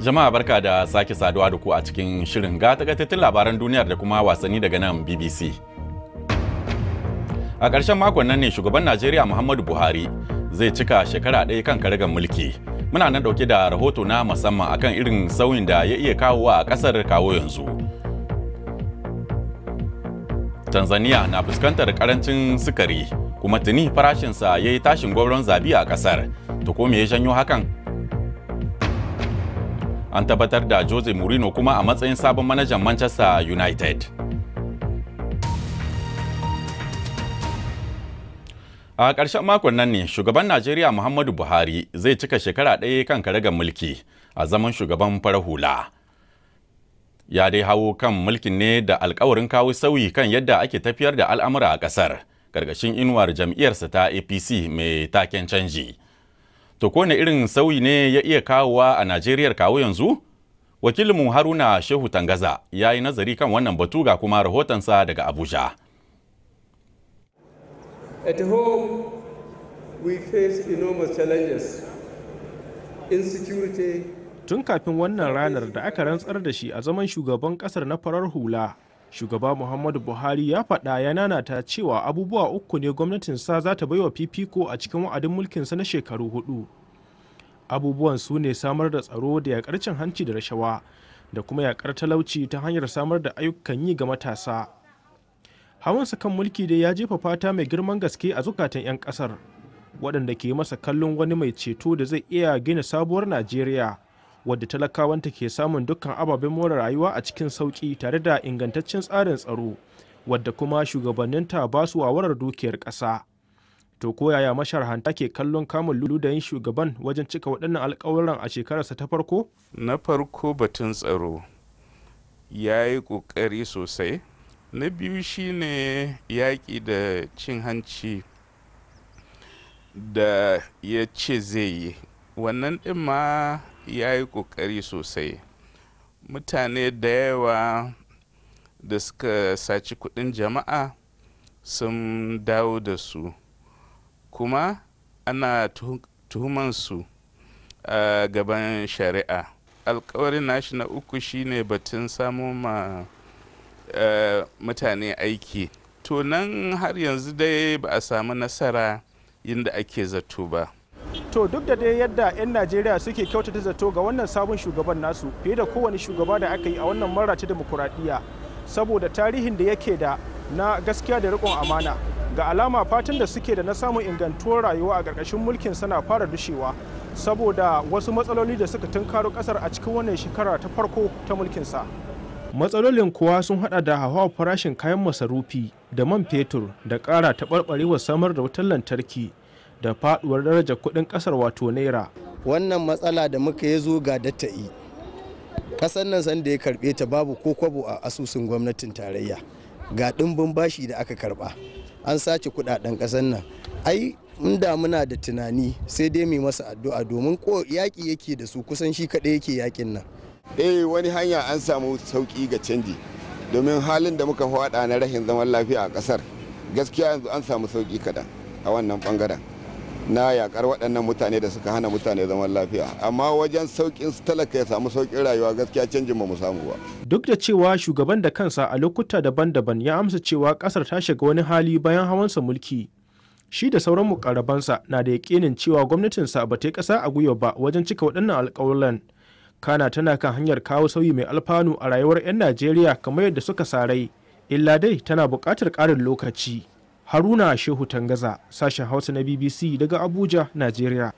Jama'a barka da sake saduwa da ku a cikin shirin ga labaran duniyar da kuma wasanni daga nan BBC. A ƙarshen makon nan ne shugaban Najeriya Muhammadu Buhari zai cika shekara ɗaya kan karagar mulki. Muna nan ɗauke da rahoto na musamman akan irin sauyin da ya iya kawo a ƙasar kawo yanzu. Tanzania na fuskantar karancin sukari kuma tuni farashinsa ya yi tashin gwauron zabi a ƙasar. To ko me ya janyo hakan? an tabbatar da Jose Mourinho kuma a matsayin sabon manajan Manchester United. A ƙarshen makon nan ne shugaban Najeriya Muhammadu Buhari zai cika shekara ɗaya kan karagar mulki a zaman shugaban farahula Ya dai hawo kan mulkin ne da alkawarin kawo sauyi kan yadda ake tafiyar da al'amura a ƙasar, ƙarƙashin inuwar jam'iyyarsa ta APC mai taken canji. To ko irin sauyi ne ya iya kawowa a Najeriya kawo yanzu? Wakilinmu Haruna Shehu Tangaza ya yi nazari kan wannan batu ga kuma rahotonsa daga Abuja. At home, we face enormous challenges. Insecurity. Tun kafin wannan ranar da aka rantsar da shi a zaman shugaban kasar na farar hula, shugaba muhammadu buhari ya faɗa ya nanata cewa abubuwa uku ne gwamnatin sa za ta baiwa fifiko a cikin wa'adin mulkin mulkinsa na shekaru hudu abubuwan su ne samar da tsaro da yakar cin hanci da rashawa da kuma yakar talauci ta hanyar samar da ayyukan yi ga matasa hawansa kan mulki dai ya jefa fata mai girman gaske a zukatan 'yan kasar waɗanda ke masa kallon wani mai ceto da zai iya gina sabuwar najeriya wadda talakawanta ke samun dukkan ababen more rayuwa a cikin sauki tare da ingantaccen tsarin tsaro wadda kuma shugabanninta ba su wawarar dukiyar ƙasa to ko yaya masharhanta ke kallon kamun ludayin shugaban wajen cika waɗannan alƙawuran a shekararsa ta farko na farko batun tsaro ya yi ƙoƙari sosai na biyu shine yaƙi da cin hanci da ya ce zai yi wannan ɗin ma ya yi ƙoƙari sosai mutane da yawa da suka saci kuɗin jama'a sun dawo da su kuma ana tuhumansu a gaban shari'a alkawarin nashi na uku shine batun samu ma mutane aiki to nan har yanzu dai ba a samu nasara yadda ake zato ba to duk da dai yadda 'yan najeriya suke kyautata zato ga wannan sabon shugaban nasu fiye da kowane shugaba da aka yi a wannan mara ta demokuraɗiyya saboda tarihin da yake da na gaskiya da riƙon amana ga alama fatan da suke da na samun ingantuwar rayuwa a ƙarƙashin mulkin sana fara dushewa saboda wasu matsaloli da suka tunkaro ƙasar a cikin wannan shekara ta farko ta mulkinsa matsalolin kuwa sun hada da hawa farashin kayan masarufi da man fetur da ƙara taɓarɓarewar samar da wutar lantarki da faduwar darajar kuɗin ƙasar wato naira wannan matsala da muka ya zo ga yi kasar nan sanda ya karɓe ta babu ko kwabo a asusun gwamnatin tarayya ga dimbin bashi da aka karba an sace kudaden ƙasar nan ai inda muna da tunani sai dai mai masa addu'a domin ko yaƙi yake da su kusan shi kaɗai yake yakin nan eh wani hanya an samu sauki ga canji domin halin da muka faɗa na rashin zaman lafiya a kasar gaskiya yanzu an samu sauki kaɗan a wannan bangaren na yakar waɗannan mutane da suka hana mutane zaman lafiya amma wajen sauƙin talaka ya samu sauƙin rayuwa gaskiya canjin ba mu samu ba duk da cewa shugaban da kansa a lokuta daban-daban ya amsa cewa ƙasar ta shiga wani hali bayan hawansa mulki shi da sauran mukarabansa na da yakinin cewa gwamnatinsa ba ta yi ƙasa a gwiwa ba wajen cika waɗannan alƙawuran kana tana kan hanyar kawo sauyi mai alfanu a rayuwar 'yan najeriya kamar yadda suka sarai illa dai tana buƙatar ƙarin lokaci haruna shehu tangaza sashen hausa na bbc daga abuja nigeria.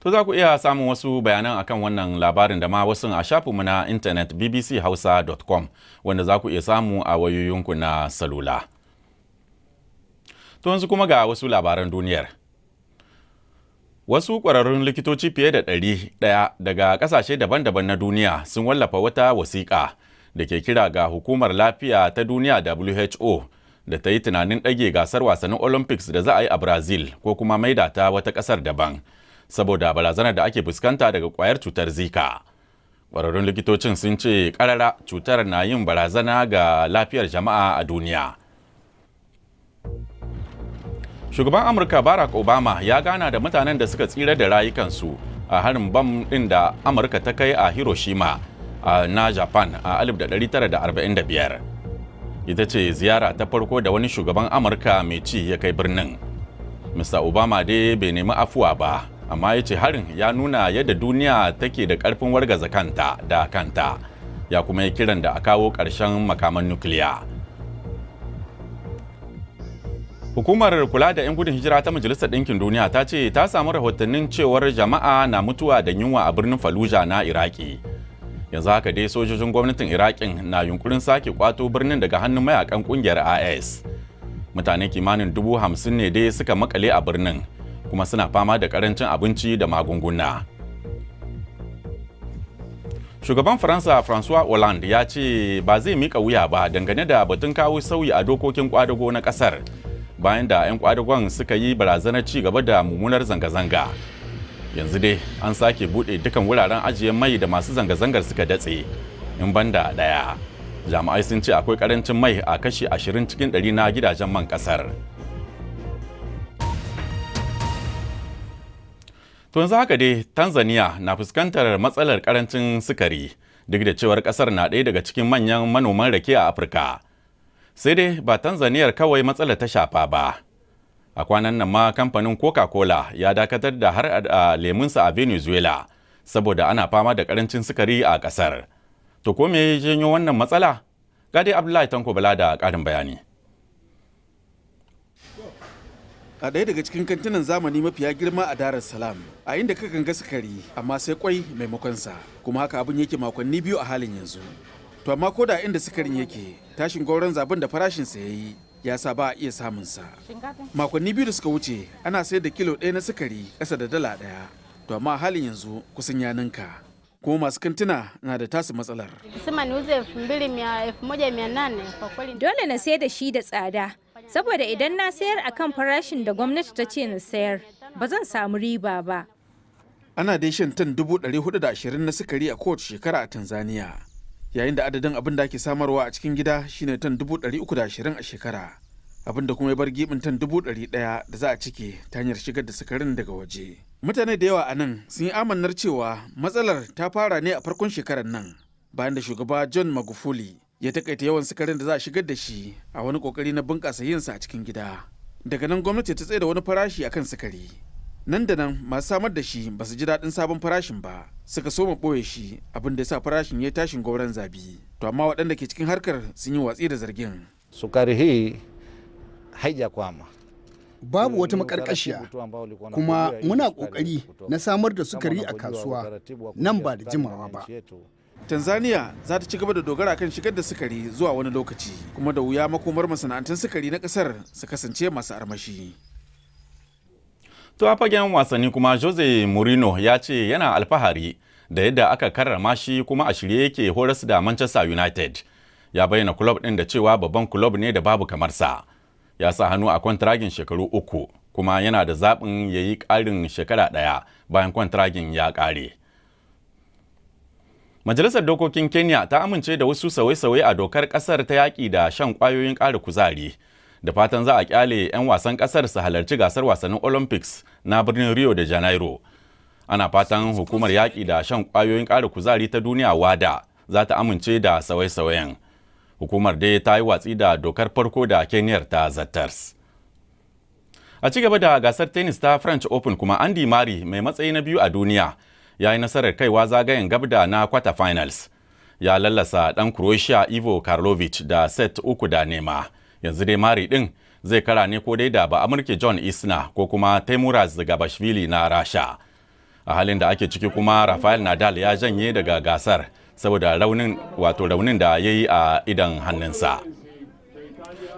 to za ku iya samun wasu bayanan akan wannan labarin da ma wasu a mu na intanet bbchausa.com wanda za ku iya samu a wayoyinku na salula to yanzu kuma ga wasu labaran duniyar Wasu ƙwararrun likitoci fiye da ɗari ɗaya daga ƙasashe daban-daban na duniya sun wallafa wata wasiƙa da ke kira ga hukumar lafiya ta duniya WHO da ta yi tunanin ɗage gasar wasannin Olympics da za a yi a Brazil ko kuma maida ta wata ƙasar daban saboda barazanar da ake fuskanta daga kwayar cutar Zika. Ƙwararrun likitocin sun ce ƙarara cutar na yin barazana ga lafiyar jama'a a duniya. Shugaban Amurka Barack Obama ya gana da mutanen da suka tsira da rayukansu a harin bam ɗin da Amurka ta kai a Hiroshima. na Japan a 1945. Ita ce ziyara ta farko da wani shugaban Amurka mai ci ya kai birnin. Mr. Obama dai bai nemi afuwa ba, amma ya ce harin ya nuna yadda duniya take da karfin wargaza kanta da kanta, ya kuma yi kiran da a kawo karshen makaman nukiliya. Hukumar kula da 'yan gudun hijira ta Majalisar Ɗinkin Duniya ta ce ta samu rahotannin cewar jama'a na mutuwa da yunwa a birnin Fallujah na Iraki. yanzu haka dai sojojin gwamnatin iraƙin na yunkurin sake kwato birnin daga hannun mayakan kungiyar is mutane kimanin dubu hamsin ne dai suka makale a birnin kuma suna fama da karancin abinci da magunguna shugaban faransa françois hollande ya ce ba zai mika wuya ba dangane da batun kawo sauyi a dokokin kwadago na kasar bayan da 'yan kwadagon suka yi barazanar ci gaba da mummunar zanga-zanga yanzu dai an sake bude dukan wuraren ajiye mai da masu zanga-zangar suka datse in banda ɗaya jami'ai sun ce akwai karancin mai a kashi 20 cikin 100 na gidajen man kasar to yanzu haka dai tanzania na fuskantar matsalar karancin sukari duk da cewar kasar na ɗaya daga cikin manyan manoman rake a afirka sai dai ba tanzaniyar kawai matsalar ta shafa ba a kwanan nan ma kamfanin coca-cola ya dakatar da har a lemunsa a venezuela saboda ana fama da karancin sukari a kasar to ko me janyo wannan matsala gade abdullahi tanko bala da karin bayani a ɗaya daga cikin kantinan zamani mafiya girma a darar salam a inda ka ganga sukari amma sai kwai maimakon sa kuma haka abin yake makonni biyu a halin yanzu to amma ko da inda sukarin yake tashin gwauron zaben da farashin sa yayi ya sa ba a iya samunsa. Makonni biyu da suka wuce ana sayar da kilo ɗaya na sukari ƙasa da dala ɗaya. To amma halin yanzu kusan ya ninka. kuma masu kantuna na da tasu matsalar. Dole na sayar da shi da tsada, saboda idan na sayar a kan farashin da gwamnati ta ce na sayar, ba zan samu riba ba. Ana dai shan tan ashirin na sukari a kowace shekara a Tanzania. yayin da adadin abin da ake samarwa a cikin gida shine tan 320 a shekara abin da kuma ya bar gibin tan ɗaya da za a cike ta hanyar shigar da sukarin daga waje mutane da yawa a nan sun yi amannar cewa matsalar ta fara ne a farkon shekarar nan bayan da shugaba john magufuli ya takaita yawan sukarin da za a shigar da shi a wani kokari na bunƙasa yinsa a cikin gida daga nan gwamnati ta tsaye da wani farashi akan sukari nan da nan masu samar da shi ba su ji daɗin sabon farashin ba suka soma ɓoye shi abin da sa farashin ya tashin gwauron zabi to amma waɗanda ke cikin harkar sun yi watsi da zargin su sukari haija kwama. babu wata makarkashiya kuma muna kokari na samar da sukari a kasuwa nan ba da jimawa ba tanzania za ta ci gaba da dogara kan shigar da sukari zuwa wani lokaci kuma da wuya makomar masana'antun sukari na kasar su kasance masu armashi To a fagen wasanni kuma Jose Mourinho ya ce yana alfahari da yadda aka karrama shi kuma a shirye yake horas da Manchester United. Ya bayyana kulob ɗin da cewa babban kulob ne da babu kamar sa. Ya sa hannu a kwantiragin shekaru uku kuma yana da zaɓin ya yi ƙarin shekara ɗaya bayan kwantiragin ya ƙare. Majalisar Dokokin Kenya ta amince da wasu sauye-sauye a dokar ƙasar ta yaƙi da shan ƙwayoyin ƙara kuzari. da fatan za a kyale 'yan wasan kasar su halarci gasar wasannin olympics na birnin rio de janeiro ana fatan hukumar yaƙi da shan ƙwayoyin ƙara kuzari ta duniya wada za ta amince da sauye-sauyen hukumar dai ta yi watsi da dokar farko da kenyar ta zattars a ci gaba da gasar tennis ta french open kuma andy mari mai matsayi na biyu a duniya ya yi nasarar kaiwa zagayen gabda na quarter ya lallasa dan croatia ivo karlovic da set uku da nema yanzu dai mari din zai kara ne ko dai da ba amurke john isna ko kuma taimuraz gabashvili na rasha a halin da ake ciki kuma rafael nadal ya janye daga gasar saboda raunin wato raunin da ya yi a idan hannunsa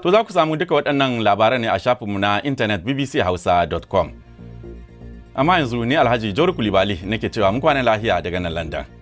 to za ku samu duka waɗannan labaran ne a shafinmu na intanet bbchausa.com amma yanzu ni alhaji jauri kulibali nake cewa mun kwana lahiya daga nan london